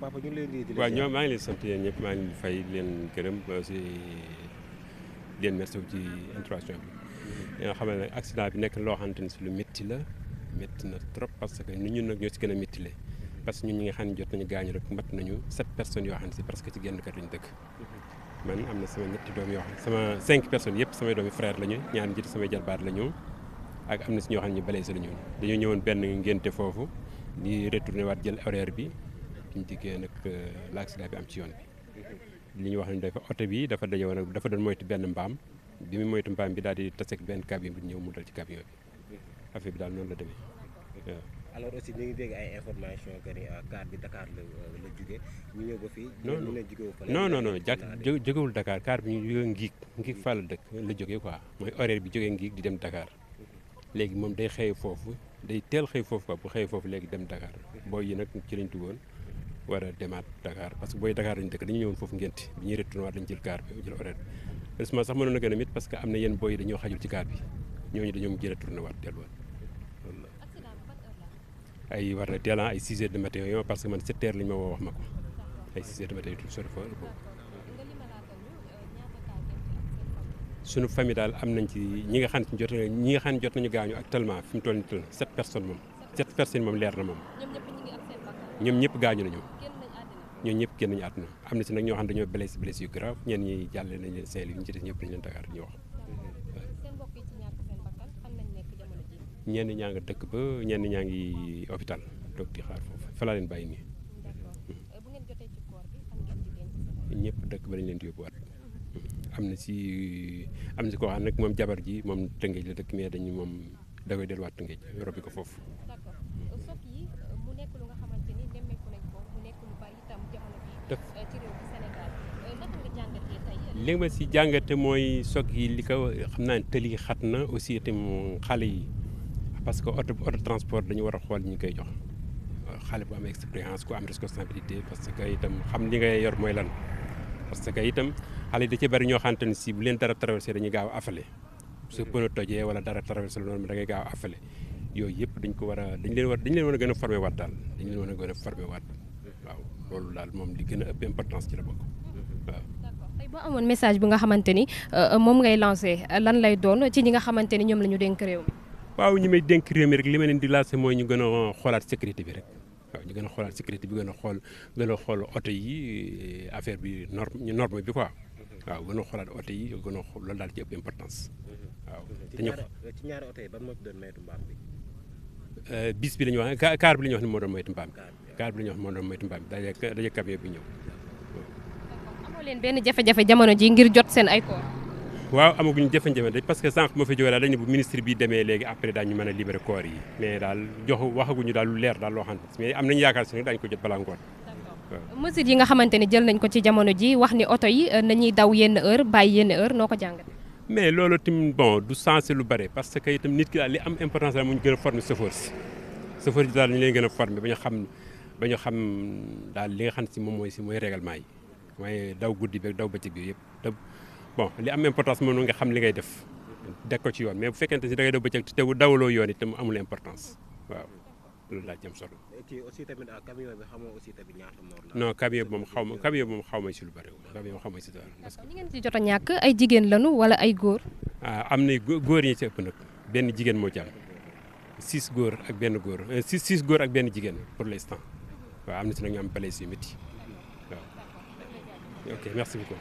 papa ñu ngi leen maa ngi leen sant yéen ñëpp maa ngi fay leen gërëm aussi leen merci ci intervention bi. yoo mm-hmm. xam ne nag accident bi nekk loo xamante ni si lu métti la métti na trop parce que ñun nag ñoo si gën a métti le parce que ñun ñi nga xam ne jot nañu gaañu rek mat nañu sept personnes yoo xam ne si parce que ci genn kër lañu dëkk. Mm-hmm. man am sama ñetti doom yoo xam sama cinq personnes yëpp samay doomi frère lañu ñaar njëriñ samay jarbaat lañu am na si ñoo xam ne ñu balaise lañu dañoo ñëwoon benn ngénte foofu di retourné waat jël horaire bi. ñu diggee nag euh, l'accident bi am ci yoon bi. li ñu wax ne dafa oto bi dafa daje woon dafa doon moytu benn mbaam bi mu moytu mbaam bi daal di taseeg benn camion bi ñëw mu dal ci camion bi affaire daal noonu la demee alors aussi ñu ngi dégg ay information que ni euh, bi Dakar la euh, la jóge ñu ñëw ba fii. non non non non non jàkk jógewul Dakar car ñu jógee Ngiig Ngiig fa la dëkk la jógee quoi mooy horaire bi jógee Ngiig di dem Dakar léegi moom day xëy foofu day teel xëy foofu quoi bu xëy foofu léegi dem Dakar booy yi nag ci lañ tuggoon war a demaat Dakar parce que booy Dakar lañu dëkk dañu ñëwoon foofu ngénti bi ñuy retourné waat lañu jël car bi jël horaire a gën a mit parce que am na yenn booy dañoo xajul ci car ñooñu dañoo mujj retourné waat delluwaat ay war na de matin yo parce que man 7 heures lañu ma woo wax ma ko ay 6 heures de matin sori fa suñu daal am nañ ci ñi nga xam ne jot ñi nga xam ne jot nañu gaañu actuellement fi mu toll nii sept personnes moom sept personnes moom leer na moom ñoom ñëpp gaañu nañu ñoo ñëpp génn nañu na am na si nag ñoo xam ne dañoo blessé blessé yu grave ñenn ñi jàlle nañ leen Saint-Louis ñu ci des ñenn ñaa dëkk ba ñenn ñaa ngi hôpital toog di xaar foofu fa laa leen bàyyi nii hmm. euh, ñëpp dëkk ba dañ leen di yóbbuwaat am na si am na si koo xam nag moom jabar ji moom Tëngéej la dëkk mais dañu moom da koy delluwaat Tëngéej robi ko foofu li ma si jàngate mooy sog yi li ko xam naa tëli xat na aussi itam xale yi parce que auto auto transport dañu war a xool ñu ngi koy jox xale bu am expérience ku am responsabilité parce que itam xam li nga yor mooy lan parce que itam xale yi da ci bari ñoo xamante ne si bu leen dara traversé dañuy gaaw affale su pën a tojee wala dara traversé loolu da ngay gaaw affale yooyu yëpp dañ ko war a dañ leen war dañu leen war a gën a formé waat daal dañ leen war a gën waat waaw loolu daal moom li gën a ëpp importance ci la bokk ba amoon message bi nga xamante ni euh, moom ngay lancé lan lay doon ci ñi nga xamante ni ñoom la ñu dénk réew mi. waaw ñu may dénk réew mi rek li ma leen di lancé mooy ñu gën a xoolaat sécurité bi rek. waaw ñu gën a xoolaat sécurité bi gën a xool gën xool oto yi euh, affaire bi norme ñu norme bi quoi waaw gën a xoolaat oto yi gën a xool loolu daal ci ëpp importance waaw. te ñaari oto yi ban moo ci doon moytu mbaam bi. Euh, bis bi la ñu wax car bi la wax ne moo doon moytu mbaam bi. car bi la wax ne moo doon moytu mbaam bi bi ñëw. amoo leen benn jamono ji ngir jot seen ay waaw amaguñ jafe-jafe de parce que sànq ma fi jógee daal dañu bu bi demee léegi après daañu mën a libéré koor yi mais daal jox waxaguñu daal lu daal loo xam mais am nañu yaakaar si ne daañu ko jot balaa ngoon. mesures yi nga xamante ne jël nañ ko ci jamono ji wax ni oto yi euh, nañuy daw yenn heure bàyyi yenn heure noo ko jàngat mais loolu tim bon du sensé lu bare parce que itam nit ki daal li am importance daal mu ñu gën a former chauffeur si chauffeur si daal ñu leen gën a former ba ñu xam ba ñu xam daal li nga xam si moom mooy si mooy règlement yi waaye daw guddi beeg daw bëccëg bi yëpp te bon li am importance moom nga xam li ngay def deg ko ci yoon mais bu fekkente si dangay daw bëccëg te loo yoon itam amul importance waaw loolu laa jëm solo. aussi tamit ah, camion bi xamoo aussi tamit ñaata mort la. non moom xaw ma camion bi moom xaw ma si lu bëri camion ma si dara. parce que ni ngeen jot a ñàkk ay jigéen lañu wala ay góor. ah am na góor ñi ci ëpp nag benn jigéen moo ci am góor ak benn góor euh, six six góor ak benn jigéen pour l'instant waaw am na si nag ñu am blessé yu métti Ok, merci beaucoup.